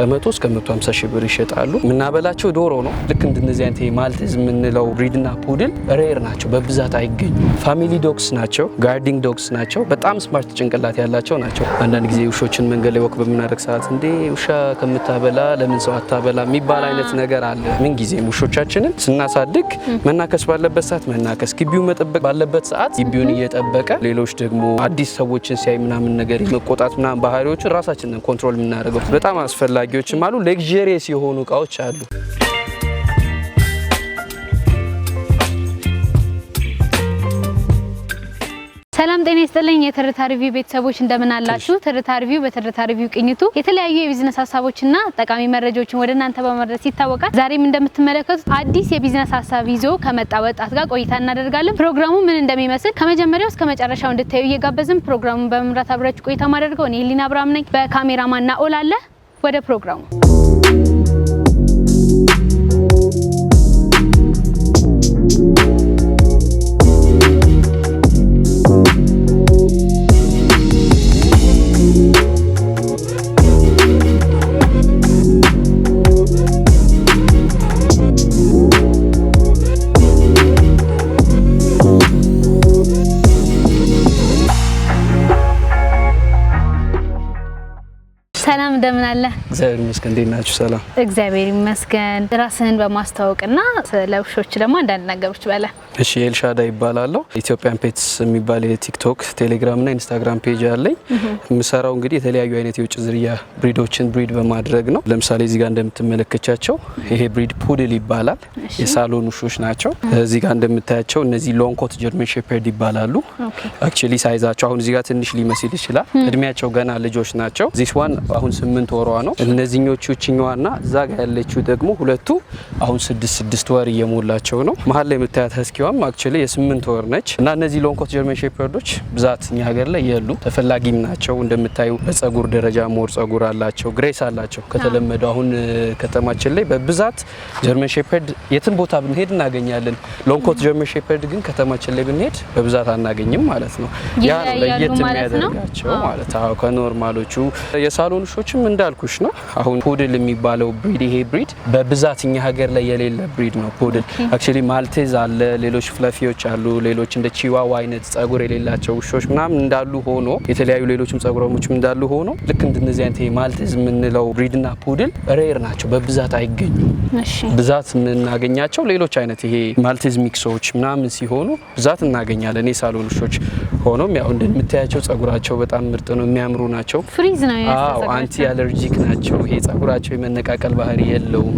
ከመቶ እስከ መቶ ሀምሳ ሺህ ብር ይሸጣሉ። የምናበላቸው ዶሮ ነው። ልክ እንደነዚህ አይነት ማልቴዝ የምንለው ብሪድና ፑድል ሬር ናቸው፣ በብዛት አይገኙም። ፋሚሊ ዶግስ ናቸው፣ ጋርዲንግ ዶግስ ናቸው። በጣም ስማርት ጭንቅላት ያላቸው ናቸው። አንዳንድ ጊዜ ውሾችን መንገድ ላይ ወክ በምናደርግ ሰዓት እንዴ ውሻ ከምታበላ ለምን ሰው አታበላ የሚባል አይነት ነገር አለ። ምን ጊዜ ውሾቻችንን ስናሳድግ መናከስ ባለበት ሰዓት መናከስ፣ ግቢው መጠበቅ ባለበት ሰዓት ግቢውን እየጠበቀ ሌሎች ደግሞ አዲስ ሰዎችን ሲያይ ምናምን ነገር መቆጣት ምናምን ባህሪዎችን ራሳችንን ኮንትሮል የምናደርገው በጣም አስፈላጊ አስፈላጊዎችም አሉ። ሌክዥሪየስ የሆኑ እቃዎች አሉ። ሰላም ጤና ይስጥልኝ። የትርታ ሪቪው ቤተሰቦች እንደምን አላችሁ? ትርታ ሪቪው በትርታ ሪቪው ቅኝቱ የተለያዩ የቢዝነስ ሀሳቦችና ጠቃሚ መረጃዎችን ወደ እናንተ በማድረስ ይታወቃል። ዛሬም እንደምትመለከቱት አዲስ የቢዝነስ ሀሳብ ይዞ ከመጣ ወጣት ጋር ቆይታ እናደርጋለን። ፕሮግራሙ ምን እንደሚመስል ከመጀመሪያው እስከ መጨረሻው እንድታዩ እየጋበዝን ፕሮግራሙን በመምራት አብራችሁ ቆይታ ማደርገው እኔ ሊና አብርሃም ነኝ። በካሜራማን ናኦል አለ para o programa. ሰላም እንደምን አለ? እግዚአብሔር ይመስገን። እንዴት ናችሁ? ሰላም እግዚአብሔር ይመስገን። ራስህን በማስተዋወቅና ስለ ደግሞ አንዳንድ ነገሮች በለ። እሺ፣ ኤልሻዳ ይባላለሁ። ኢትዮጵያን ፔትስ የሚባል የቲክቶክ ቴሌግራም ና ኢንስታግራም ፔጅ አለኝ። የምሰራው እንግዲህ የተለያዩ አይነት የውጭ ዝርያ ብሪዶችን ብሪድ በማድረግ ነው። ለምሳሌ እዚህ ጋር እንደምትመለከቻቸው ይሄ ብሪድ ፑድል ይባላል። የሳሎን ውሾች ናቸው። እዚህ ጋር እንደምታያቸው እነዚህ ሎንኮት ጀርመን ሼፐርድ ይባላሉ። አክቹሊ ሳይዛቸው አሁን እዚህ ጋር ትንሽ ሊመስል ይችላል። እድሜያቸው ገና ልጆች ናቸው። ዚስ ዋን አሁን ስምንት ወሯ ነው። እነዚህኞቹ ችኛዋና እዛ ጋር ያለችው ደግሞ ሁለቱ አሁን ስድስት ስድስት ወር እየሞላቸው ነው። መሀል ላይ የምታያት ህስኪዋም አክቹዋሊ የስምንት ወር ነች እና እነዚህ ሎንኮት ጀርመን ሼፐርዶች ብዛት እኛ ሀገር ላይ የሉ ተፈላጊም ናቸው። እንደምታዩ በጸጉር ደረጃ ሞር ጸጉር አላቸው፣ ግሬስ አላቸው። ከተለመደው አሁን ከተማችን ላይ በብዛት ጀርመን ሼፐርድ የትን ቦታ ብንሄድ እናገኛለን። ሎንኮት ጀርመን ሼፐርድ ግን ከተማችን ላይ ብንሄድ በብዛት አናገኝም ማለት ነው። ያ ለየት የሚያደርጋቸው ማለት ከኖርማሎቹ የሳሎኑ ውሾችም እንዳልኩሽ ነው። አሁን ፖድል የሚባለው ብሪድ ይሄ ብሪድ በብዛት እኛ ሀገር ላይ የሌለ ብሪድ ነው። ፖድል አክቹዋሊ ማልቴዝ አለ፣ ሌሎች ፍለፊዎች አሉ፣ ሌሎች እንደ ቺዋዋ አይነት ጸጉር የሌላቸው ውሾች ምናምን እንዳሉ ሆኖ የተለያዩ ሌሎችም ጸጉረሞችም እንዳሉ ሆኖ ልክ እንደነዚህ አይነት ማልቴዝ የምንለው ብሪድና ፖድል ሬር ናቸው፣ በብዛት አይገኙም። ብዛት የምናገኛቸው ሌሎች አይነት ይሄ ማልቴዝ ሚክሶች ምናምን ሲሆኑ ብዛት እናገኛለን የሳሎን ውሾች። ሆኖም ያው እንደምታያቸው ጸጉራቸው በጣም ምርጥ ነው፣ የሚያምሩ ናቸው። ፍሪዝ ነው አንቲ አለርጂክ ናቸው። ይሄ ጸጉራቸው የመነቃቀል ባህሪ የለውም።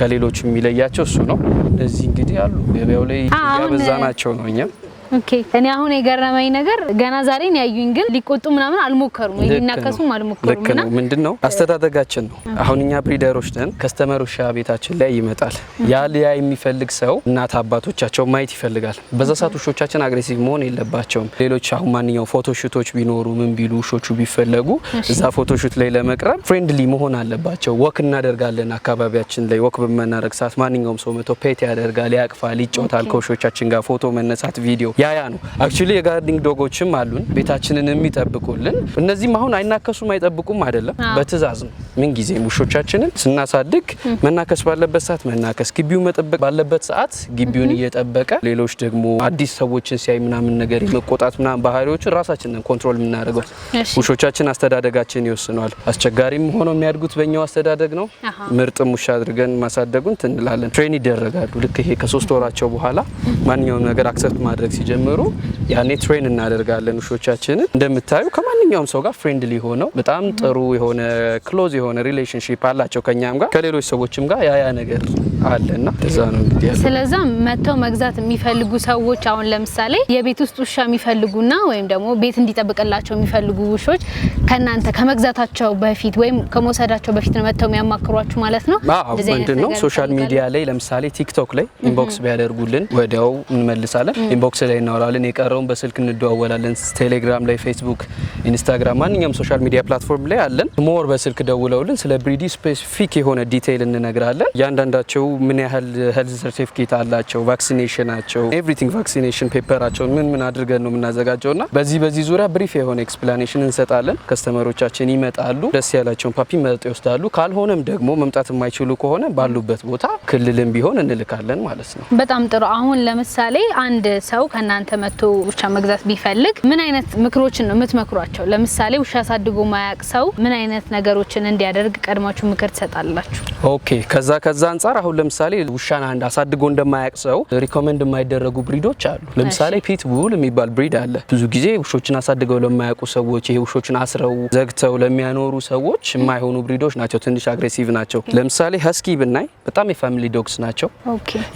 ከሌሎቹ የሚለያቸው እሱ ነው። ለዚህ እንግዲህ አሉ ገበያው ላይ ያበዛ ናቸው ነው እኛም ኦኬ። እኔ አሁን የገረመኝ ነገር ገና ዛሬ ነው ያዩኝ፣ ግን ሊቆጡ ምናምን አልሞከሩም፣ ሊናከሱም አልሞከሩም። እና ምንድን ነው አስተዳደጋችን ነው። አሁን እኛ ብሪደሮች ነን። ከስተመር ውሻ ቤታችን ላይ ይመጣል። ያ ሊያ የሚፈልግ ሰው እናት አባቶቻቸው ማየት ይፈልጋል። በዛ ሰዓት ውሾቻችን አግሬሲቭ መሆን የለባቸውም። ሌሎች አሁን ማንኛውም ፎቶሹቶች ቢኖሩ ምን ቢሉ ውሾቹ ቢፈለጉ እዛ ፎቶሹት ላይ ለመቅረብ ፍሬንድሊ መሆን አለባቸው። ወክ እናደርጋለን አካባቢያችን ላይ ወክ በምናደርግ ሰዓት ማንኛውም ሰው መቶ ፔት ያደርጋል፣ ያቅፋል፣ ይጫወታል ከውሾቻችን ጋር ፎቶ መነሳት ቪዲዮ ያ ያ ነው አክቹሊ የጋርዲንግ ዶጎችም አሉን ቤታችንን የሚጠብቁልን። እነዚህም አሁን አይናከሱም አይጠብቁም አይደለም፣ በትእዛዝ ነው። ምን ጊዜ ውሾቻችንን ስናሳድግ መናከስ ባለበት ሰዓት መናከስ፣ ግቢውን መጠበቅ ባለበት ሰዓት ግቢውን እየጠበቀ ሌሎች ደግሞ አዲስ ሰዎችን ሲያይ ምናምን ነገር የመቆጣት ምናምን ባህሪዎችን ራሳችንን ኮንትሮል የምናደርገው ውሾቻችን አስተዳደጋችን ይወስነዋል። አስቸጋሪም ሆነው የሚያድጉት በእኛው አስተዳደግ ነው። ምርጥም ውሻ አድርገን ማሳደጉን ትንላለን። ትሬን ይደረጋሉ። ልክ ይሄ ከሶስት ወራቸው በኋላ ማንኛውም ነገር አክሰፕት ማድረግ ሲጀ ጀምሩ ያኔ ትሬን እናደርጋለን ውሾቻችንን። እንደምታዩ ከማንኛውም ሰው ጋር ፍሬንድሊ ሆነው በጣም ጥሩ የሆነ ክሎዝ የሆነ ሪሌሽንሽፕ አላቸው ከኛም ጋር ከሌሎች ሰዎችም ጋር ያያ ነገር አለና እዛ ነው እንግዲህ ያለው። ስለዛ መጥተው መግዛት የሚፈልጉ ሰዎች አሁን ለምሳሌ የቤት ውስጥ ውሻ የሚፈልጉና ወይም ደግሞ ቤት እንዲጠብቅላቸው የሚፈልጉ ውሾች ከእናንተ ከመግዛታቸው በፊት ወይም ከመውሰዳቸው በፊት ነው መጥተው የሚያማክሯችሁ ማለት ነው። ምንድን ነው ሶሻል ሚዲያ ላይ ለምሳሌ ቲክቶክ ላይ ኢንቦክስ ቢያደርጉልን ወዲያው እንመልሳለን። ኢንቦክስ ላይ እናወራለን። የቀረውን በስልክ እንደዋወላለን። ቴሌግራም ላይ፣ ፌስቡክ፣ ኢንስታግራም ማንኛውም ሶሻል ሚዲያ ፕላትፎርም ላይ አለን። ሞር በስልክ ደውለውልን ስለ ብሪዲ ስፔሲፊክ የሆነ ዲቴይል እንነግራለን። እያንዳንዳቸው ምን ያህል ሄልዝ ሰርቲፊኬት አላቸው፣ ቫክሲኔሽናቸው፣ ኤቭሪቲንግ ቫክሲኔሽን ፔፐራቸውን ምን ምን አድርገን ነው የምናዘጋጀው እና በዚህ በዚህ ዙሪያ ብሪፍ የሆነ ኤክስፕላኔሽን እንሰጣለን። ከስተመሮቻችን ይመጣሉ፣ ደስ ያላቸውን ፓፒ መርጠው ይወስዳሉ። ካልሆነም ደግሞ መምጣት የማይችሉ ከሆነ ባሉበት ቦታ ክልልም ቢሆን እንልካለን ማለት ነው። በጣም ጥሩ። አሁን ለምሳሌ አንድ ሰው ከእናንተ መጥቶ ውሻ መግዛት ቢፈልግ ምን አይነት ምክሮችን ነው የምትመክሯቸው? ለምሳሌ ውሻ አሳድጎ ማያቅ ሰው ምን አይነት ነገሮችን እንዲያደርግ ቀድማችሁ ምክር ትሰጣላችሁ? ኦኬ ከዛ ከዛ አንጻር አሁን ለምሳሌ ውሻን አንድ አሳድጎ እንደማያውቅ ሰው ሪኮመንድ የማይደረጉ ብሪዶች አሉ። ለምሳሌ ፒት ቡል የሚባል ብሪድ አለ። ብዙ ጊዜ ውሾችን አሳድገው ለማያውቁ ሰዎች፣ ይሄ ውሾችን አስረው ዘግተው ለሚያኖሩ ሰዎች የማይሆኑ ብሪዶች ናቸው። ትንሽ አግሬሲቭ ናቸው። ለምሳሌ ሀስኪ ብናይ በጣም የፋሚሊ ዶግስ ናቸው።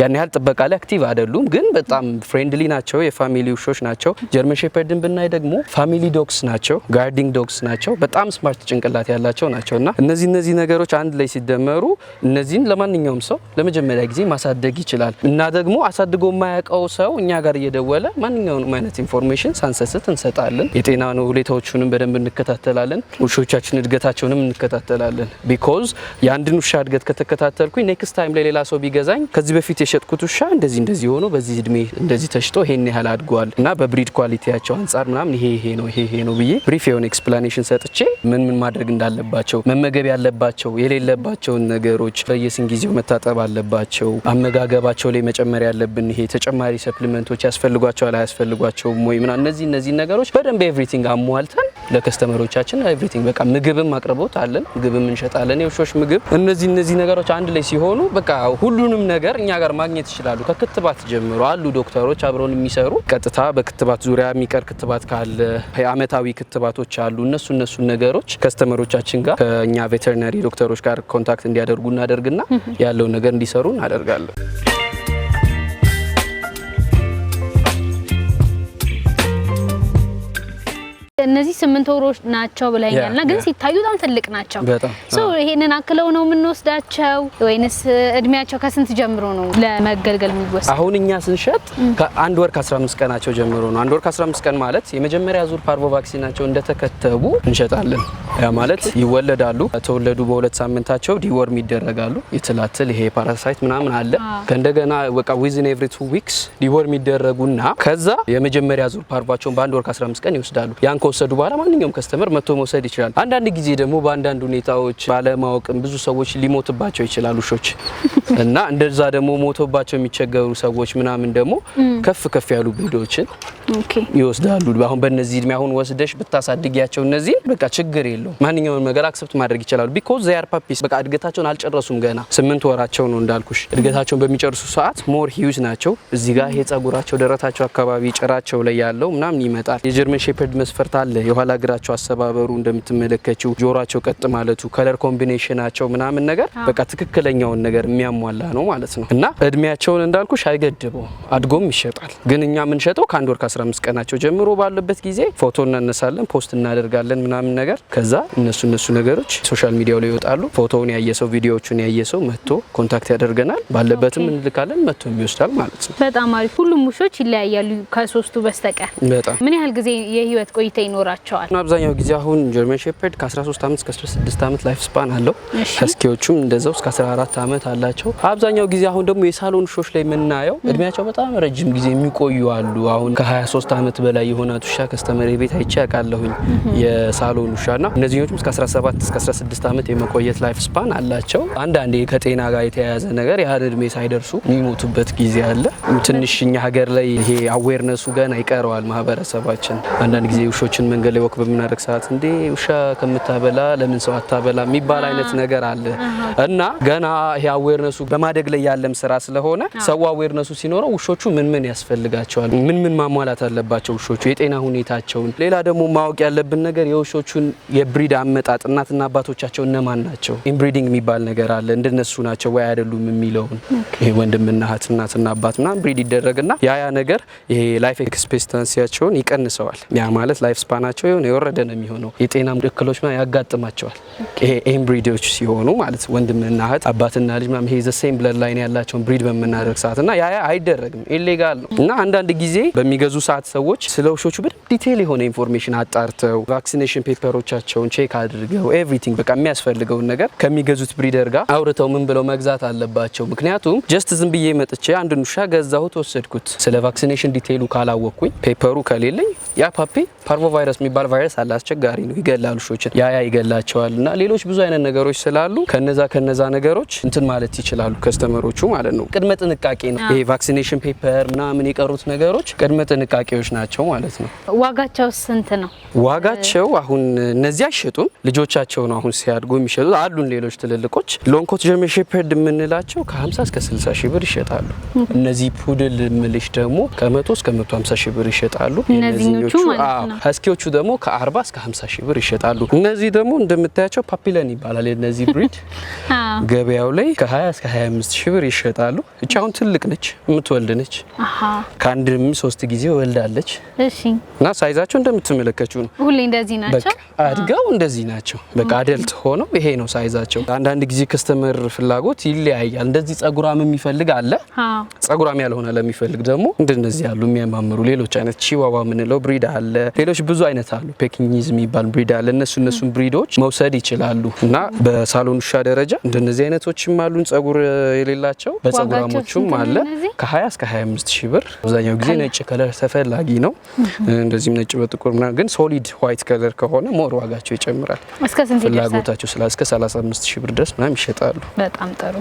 ያን ያህል ጥበቃ ላይ አክቲቭ አይደሉም፣ ግን በጣም ፍሬንድሊ ናቸው። የፋሚሊ ውሾች ናቸው። ጀርመን ሼፐርድን ብናይ ደግሞ ፋሚሊ ዶግስ ናቸው። ጋርዲንግ ዶግስ ናቸው። በጣም ስማርት ጭንቅላት ያላቸው ናቸው እና እነዚህ እነዚህ ነገሮች አንድ ላይ ሲደመሩ እነዚህን ለማንኛውም ሰው ለመጀመሪያ ጊዜ ማሳደግ ይችላል እና ደግሞ አሳድጎ የማያውቀው ሰው እኛ ጋር እየደወለ ማንኛውንም አይነት ኢንፎርሜሽን ሳንሰስት እንሰጣለን። የጤና ሁኔታዎቹንም በደንብ እንከታተላለን። ውሾቻችን እድገታቸውንም እንከታተላለን። ቢኮዝ የአንድን ውሻ እድገት ከተከታተልኩኝ ኔክስት ታይም ላይ ሌላ ሰው ቢገዛኝ ከዚህ በፊት የሸጥኩት ውሻ እንደዚህ እንደዚህ ሆኖ በዚህ እድሜ እንደዚህ ተሽጦ ይሄን ያህል አድጓል እና በብሪድ ኳሊቲያቸው አንጻር ምናምን ይሄ ይሄ ነው ይሄ ይሄ ነው ብዬ ብሪፍ የሆነ ኤክስፕላኔሽን ሰጥቼ ምን ምን ማድረግ እንዳለባቸው መመገብ ያለባቸው የሌለባቸውን ነገሮች በየስን ጊዜው መታጠባ አለባቸው? አመጋገባቸው ላይ መጨመር ያለብን ይሄ ተጨማሪ ሰፕሊመንቶች ያስፈልጓቸዋል አያስፈልጓቸውም ወይ ምና እነዚህ እነዚህ ነገሮች በደንብ ኤቭሪቲንግ አሟልተን ለከስተመሮቻችን ኤቭሪቲንግ በቃ ምግብም አቅርቦት አለን፣ ምግብም እንሸጣለን፣ የውሾች ምግብ። እነዚህ እነዚህ ነገሮች አንድ ላይ ሲሆኑ በቃ ሁሉንም ነገር እኛ ጋር ማግኘት ይችላሉ። ከክትባት ጀምሮ አሉ ዶክተሮች አብረውን የሚሰሩ ቀጥታ በክትባት ዙሪያ የሚቀር ክትባት ካለ አመታዊ ክትባቶች አሉ። እነሱ እነሱ ነገሮች ከስተመሮቻችን ጋር ከእኛ ቬተርነሪ ዶክተሮች ጋር ኮንታክት እንዲያደርጉ እናደርግና ያለውን ነገር እንዲሰሩ እናደርጋለን። እነዚህ ስምንት ወሮች ናቸው ብለኛል እና ግን ሲታዩ በጣም ትልቅ ናቸው። ይሄንን አክለው ነው የምንወስዳቸው ወይንስ እድሜያቸው ከስንት ጀምሮ ነው ለመገልገል የሚወስድ? አሁን እኛ ስንሸጥ አንድ ወር ከ15 ቀናቸው ጀምሮ ነው። አንድ ወር ከ15 ቀን ማለት የመጀመሪያ ዙር ፓርቮ ቫክሲናቸው እንደተከተቡ እንሸጣለን። ያ ማለት ይወለዳሉ። ተወለዱ በሁለት ሳምንታቸው ዲወርም ይደረጋሉ። የትላትል ይሄ ፓራሳይት ምናምን አለ። ከእንደገና በቃ ዊዝን ኤቭሪ ቱ ዊክስ ዲወርም ይደረጉና ከዛ የመጀመሪያ ዙር ፓርቫቸውን በአንድ ወር ከ15 ቀን ይወስዳሉ። ያን ከወሰዱ ከወሰዱ በኋላ ማንኛውም ከስተመር መጥቶ መውሰድ ይችላል። አንዳንድ ጊዜ ደግሞ በአንዳንድ ሁኔታዎች ባለማወቅም ብዙ ሰዎች ሊሞትባቸው ይችላል ውሾች እና እንደዛ ደግሞ ሞቶባቸው የሚቸገሩ ሰዎች ምናምን ደግሞ ከፍ ከፍ ያሉ ብሪዶችን ይወስዳሉ። አሁን በእነዚህ እድሜ አሁን ወስደሽ ብታሳድጊያቸው እነዚህ በቃ ችግር የለውም ማንኛውን ነገር አክሰፕት ማድረግ ይችላሉ። ቢኮዝ ዚያር ፓፒስ በቃ እድገታቸውን አልጨረሱም ገና ስምንት ወራቸው ነው እንዳልኩሽ። እድገታቸውን በሚጨርሱ ሰዓት ሞር ሂዩጅ ናቸው። እዚህ ጋር ይሄ ጸጉራቸው ደረታቸው አካባቢ ጭራቸው ላይ ያለው ምናምን ይመጣል። የጀርመን ሼፐርድ መስፈርት አለ የኋላ እግራቸው አሰባበሩ እንደምትመለከችው ጆሯቸው ቀጥ ማለቱ ከለር ኮምቢኔሽናቸው ምናምን ነገር በቃ ትክክለኛውን ነገር የሚያሟላ ነው ማለት ነው። እና እድሜያቸውን እንዳልኩሽ አይገድበው አድጎም ይሸጣል። ግን እኛ የምንሸጠው ከአንድ ወር ከ15 ቀናቸው ጀምሮ ባለበት ጊዜ ፎቶ እናነሳለን፣ ፖስት እናደርጋለን ምናምን ነገር ከዛ እነሱ እነሱ ነገሮች ሶሻል ሚዲያው ላይ ይወጣሉ። ፎቶውን ያየ ሰው ቪዲዮዎቹን ያየ ሰው መጥቶ ኮንታክት ያደርገናል። ባለበትም እንልካለን መጥቶ የሚወስዳል ማለት ነው። በጣም አሪፍ። ሁሉም ውሾች ይለያያሉ ከሶስቱ በስተቀር በጣም ምን ያህል ጊዜ የህይወት ቆይታ ይኖራል? ይኖራቸዋል። አብዛኛው ጊዜ አሁን ጀርመን ሼፐርድ ከ13 ዓመት እስከ 16 ዓመት ላይፍ ስፓን አለው። ስኪዎቹም እንደዛው እስከ 14 ዓመት አላቸው። አብዛኛው ጊዜ አሁን ደግሞ የሳሎን ውሾች ላይ የምናየው እድሜያቸው በጣም ረጅም ጊዜ የሚቆዩ አሉ። አሁን ከ23 ዓመት በላይ የሆናት ውሻ ከስተመሪ ቤት አይቼ ያውቃለሁኝ የሳሎን ውሻ ና እነዚህኞቹም እስከ 17 እስከ 16 ዓመት የመቆየት ላይፍ ስፓን አላቸው። አንዳንዴ ከጤና ጋር የተያያዘ ነገር ያህል እድሜ ሳይደርሱ የሚሞቱበት ጊዜ አለ። ትንሽ እኛ ሀገር ላይ ይሄ አዌርነሱ ገና ይቀረዋል ማህበረሰባችን አንዳንድ ጊዜ ውሾችን መንገድ ላይ ወክ በምናደርግ ሰዓት እንዴ ውሻ ከምታበላ ለምን ሰው አታበላ የሚባል አይነት ነገር አለ እና ገና ይሄ አዌርነሱ በማደግ ላይ ያለም ስራ ስለሆነ ሰው አዌርነሱ ሲኖረው ውሾቹ ምን ምን ያስፈልጋቸዋል፣ ምን ምን ማሟላት አለባቸው ውሾቹ የጤና ሁኔታቸውን። ሌላ ደግሞ ማወቅ ያለብን ነገር የውሾቹን የብሪድ አመጣጥ እናትና አባቶቻቸው እነማን ናቸው፣ ኢንብሪዲንግ የሚባል ነገር አለ። እንደነሱ ናቸው ወይ አይደሉም የሚለውን ይሄ ወንድምና እህት እናትና አባት ምናምን ብሪድ ይደረግና ያ ያ ነገር ይሄ ላይፍ ኤክስፔክታንሲያቸውን ይቀንሰዋል። ያ ማለት ላይፍ ስፓን ናቸው የሆነ የወረደ ነው የሚሆነው። የጤና እክሎች ያጋጥማቸዋል። ይሄ ኤምብሪዶች ሲሆኑ ማለት ወንድምና እህት፣ አባትና ልጅ ይሄ ዘሴም ብለድ ላይን ያላቸውን ብሪድ በምናደርግ ሰዓት እና ያ አይደረግም፣ ኢሌጋል ነው እና አንዳንድ ጊዜ በሚገዙ ሰዓት ሰዎች ስለ ውሾቹ በደንብ ዲቴል የሆነ ኢንፎርሜሽን አጣርተው ቫክሲኔሽን ፔፐሮቻቸውን ቼክ አድርገው ኤቭሪቲንግ በቃ የሚያስፈልገውን ነገር ከሚገዙት ብሪደር ጋር አውርተው ምን ብለው መግዛት አለባቸው። ምክንያቱም ጀስት ዝም ብዬ መጥቼ አንድ ውሻ ገዛሁት ወሰድኩት፣ ስለ ቫክሲኔሽን ዲቴይሉ ካላወቅኩኝ ፔፐሩ ከሌለኝ ያ ፓፒ ፓርቮቫይረስ ቫይረስ የሚባል ቫይረስ አለ። አስቸጋሪ ነው፣ ይገላል ውሾችን፣ ያ ይገላቸዋል። እና ሌሎች ብዙ አይነት ነገሮች ስላሉ ከነዛ ከነዛ ነገሮች እንትን ማለት ይችላሉ ከስተመሮቹ ማለት ነው። ቅድመ ጥንቃቄ ነው ይሄ ቫክሲኔሽን ፔፐር ምናምን የቀሩት ነገሮች ቅድመ ጥንቃቄዎች ናቸው ማለት ነው። ዋጋቸው ስንት ነው? ዋጋቸው አሁን እነዚህ አይሸጡም፣ ልጆቻቸው ነው አሁን ሲያድጉ የሚሸጡት። አሉን ሌሎች ትልልቆች ሎንኮት ጀርመን ሼፐርድ የምንላቸው ከ50 እስከ 60 ሺህ ብር ይሸጣሉ። እነዚህ ፑድል ምልሽ ደግሞ ከ100 እስከ 150 ሺህ ብር ይሸጣሉ። እነዚህኞቹ ማለት ነው። ሀስኪዎቹ ደግሞ ከ40 እስከ 50 ሺህ ብር ይሸጣሉ። እነዚህ ደግሞ እንደምታያቸው ፓፒለን ይባላል። የነዚህ ብሪድ ገበያው ላይ ከ20 እስከ 25 ሺህ ብር ይሸጣሉ። እቺ አሁን ትልቅ ነች፣ የምትወልድ ነች። ከአንድ ሶስት ጊዜ ወልዳለች። እና ሳይዛቸው እንደምትመለከቱት ነው። ሁሌ እንደዚህ ናቸው፣ አድገው እንደዚህ ናቸው። በቃ አደልት ሆነው ይሄ ነው ሳይዛቸው። አንዳንድ ጊዜ ከስተመር ፍላጎት ይለያያል። እንደዚህ ጸጉራም የሚፈልግ አለ፣ ጸጉራም ያልሆነ ለሚፈልግ ደግሞ እንደነዚህ ያሉ የሚያማምሩ ሌሎች አይነት ቺዋዋ የምንለው ብሪድ አለ። ሌሎች ብዙ አይነት አሉ። ፔኪኒዝ የሚባል ብሪድ አለ። እነሱ እነሱን ብሪዶች መውሰድ ይችላሉ እና በሳሎን ውሻ ደረጃ እንደነዚህ አይነቶችም አሉን። ጸጉር የሌላቸው በጸጉራሞቹም አለ ከ20 እስከ 25 ሺህ ብር። አብዛኛው ጊዜ ነጭ ከለር ተፈላጊ ነው። እንደዚህም ነጭ በጥቁር ምናምን፣ ግን ሶሊድ ዋይት ከለር ከሆነ ሞር ዋጋቸው ይጨምራል። ፍላጎታቸው ስለ እስከ 35 ሺህ ብር ድረስ ምናምን ይሸጣሉ። በጣም ጥሩ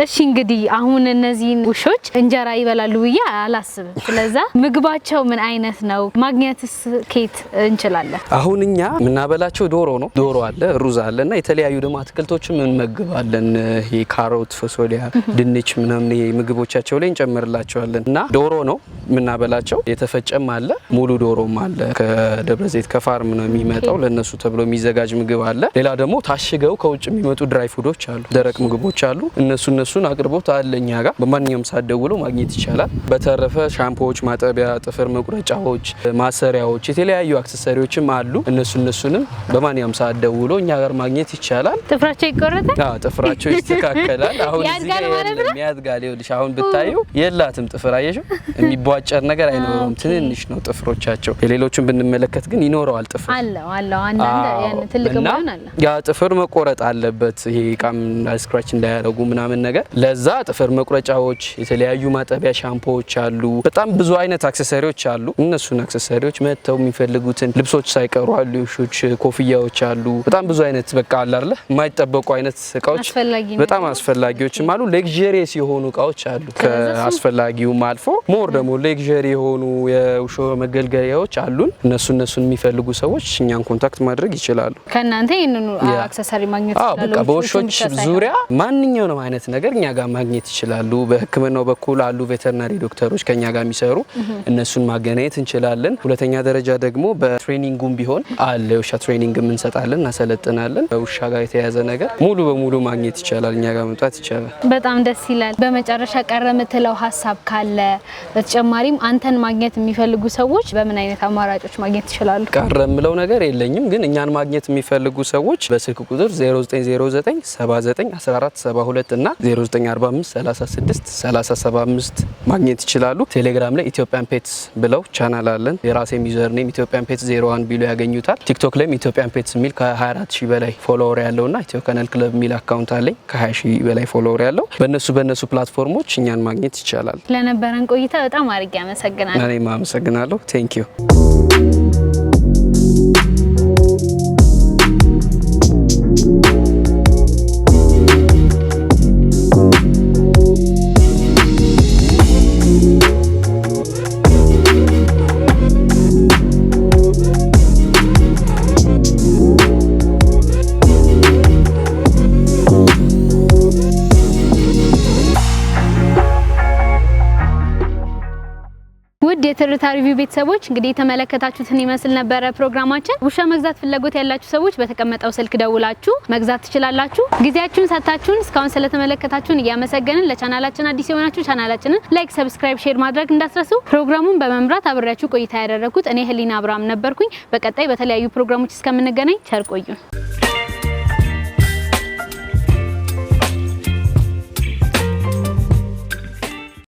እሺ እንግዲህ አሁን እነዚህን ውሾች እንጀራ ይበላሉ ብዬ አላስብም። ስለዛ ምግባቸው ምን አይነት ነው? ማግኘትስ ኬት እንችላለን? አሁን እኛ የምናበላቸው ዶሮ ነው። ዶሮ አለ፣ ሩዝ አለ እና የተለያዩ ደግሞ አትክልቶችም እንመግባለን። ይሄ ካሮት፣ ፎሶሊያ፣ ድንች ምናምን ይሄ ምግቦቻቸው ላይ እንጨምርላቸዋለን እና ዶሮ ነው የምናበላቸው። የተፈጨም አለ፣ ሙሉ ዶሮም አለ። ከደብረ ዘይት ከፋርም ነው የሚመጣው ለእነሱ ተብሎ የሚዘጋጅ ምግብ አለ። ሌላ ደግሞ ታሽገው ከውጭ የሚመጡ ድራይ ፉዶች አሉ፣ ደረቅ ምግቦች አሉ እነሱ እነሱን አቅርቦት አለ እኛ ጋር በማንኛውም ሰዓት ደውሎ ማግኘት ይቻላል። በተረፈ ሻምፖዎች፣ ማጠቢያ፣ ጥፍር መቁረጫዎች፣ ማሰሪያዎች፣ የተለያዩ አክሰሰሪዎችም አሉ። እነሱ እነሱንም በማንኛውም ሰዓት ደውሎ እኛ ጋር ማግኘት ይቻላል። ጥፍራቸው ይቆረጣል፣ ጥፍራቸው ይስተካከላል። አሁን ያድጋል። ይኸውልሽ አሁን ብታዩ የላትም ጥፍር አየሽው፣ የሚቧጨር ነገር አይኖረውም። ትንንሽ ነው ጥፍሮቻቸው። የሌሎችን ብንመለከት ግን ይኖረዋል ጥፍር ያ ጥፍር መቆረጥ አለበት። ይሄ ቃም ስክራች እንዳያደርጉ ምናምን ነገር ነገር ለዛ ጥፍር መቁረጫዎች፣ የተለያዩ ማጠቢያ ሻምፖዎች አሉ። በጣም ብዙ አይነት አክሰሰሪዎች አሉ። እነሱን አክሰሰሪዎች መጥተው የሚፈልጉትን ልብሶች ሳይቀሩ አሉ። ሾች፣ ኮፍያዎች አሉ። በጣም ብዙ አይነት በቃ አለ አይደለ የማይጠበቁ አይነት እቃዎች በጣም አስፈላጊዎችም አሉ። ሌግዠሪየስ የሆኑ እቃዎች አሉ። ከአስፈላጊውም አልፎ ሞር ደግሞ ሌግዠሪ የሆኑ የውሾ መገልገያዎች አሉን። እነሱ እነሱን የሚፈልጉ ሰዎች እኛን ኮንታክት ማድረግ ይችላሉ። ከእናንተ ይህንኑ አክሰሰሪ ማግኘት በቃ በውሾች ዙሪያ ማንኛውንም አይነት ነገር ነገር እኛ ጋር ማግኘት ይችላሉ። በህክምናው በኩል አሉ ቬተርናሪ ዶክተሮች ከኛ ጋር የሚሰሩ እነሱን ማገናኘት እንችላለን። ሁለተኛ ደረጃ ደግሞ በትሬኒንጉም ቢሆን አለ የውሻ ትሬኒንግም እንሰጣለን፣ እናሰለጥናለን። በውሻ ጋር የተያዘ ነገር ሙሉ በሙሉ ማግኘት ይቻላል፣ እኛ ጋር መምጣት ይቻላል። በጣም ደስ ይላል። በመጨረሻ ቀረ የምትለው ሀሳብ ካለ በተጨማሪም አንተን ማግኘት የሚፈልጉ ሰዎች በምን አይነት አማራጮች ማግኘት ይችላሉ? ቀረ የምለው ነገር የለኝም፣ ግን እኛን ማግኘት የሚፈልጉ ሰዎች በስልክ ቁጥር 0909791472 እና 0945 ማግኘት ይችላሉ። ቴሌግራም ላይ ኢትዮጵያን ፔትስ ብለው ቻናል አለን። የራሴም ዩዘር ኔም ኢትዮጵያን ፔትስ 01 ቢሎ ያገኙታል። ቲክቶክ ላይም ኢትዮጵያን ፔትስ የሚል ከ24 ሺህ በላይ ፎሎወር ያለው ና ኢትዮ ከነል ክለብ የሚል አካውንት አለኝ ከ20 ሺህ በላይ ፎሎወር ያለው። በእነሱ በእነሱ ፕላትፎርሞች እኛን ማግኘት ይቻላል። ስለነበረን ቆይታ በጣም አድርጌ አመሰግናለሁ። እኔም አመሰግናለሁ። ቴንክ ዩ ሪቪው ቤተሰቦች እንግዲህ የተመለከታችሁትን ይመስል ነበረ ፕሮግራማችን። ውሻ መግዛት ፍላጎት ያላችሁ ሰዎች በተቀመጠው ስልክ ደውላችሁ መግዛት ትችላላችሁ። ጊዜያችሁን ሰጥታችሁን እስካሁን ስለተመለከታችሁን እያመሰገንን ለቻናላችን አዲስ የሆናችሁ ቻናላችንን ላይክ፣ ሰብስክራይብ፣ ሼር ማድረግ እንዳትረሱ። ፕሮግራሙን በመምራት አብሬያችሁ ቆይታ ያደረኩት እኔ ህሊና አብርሃም ነበርኩኝ። በቀጣይ በተለያዩ ፕሮግራሞች እስከምንገናኝ ቸር ቆዩን።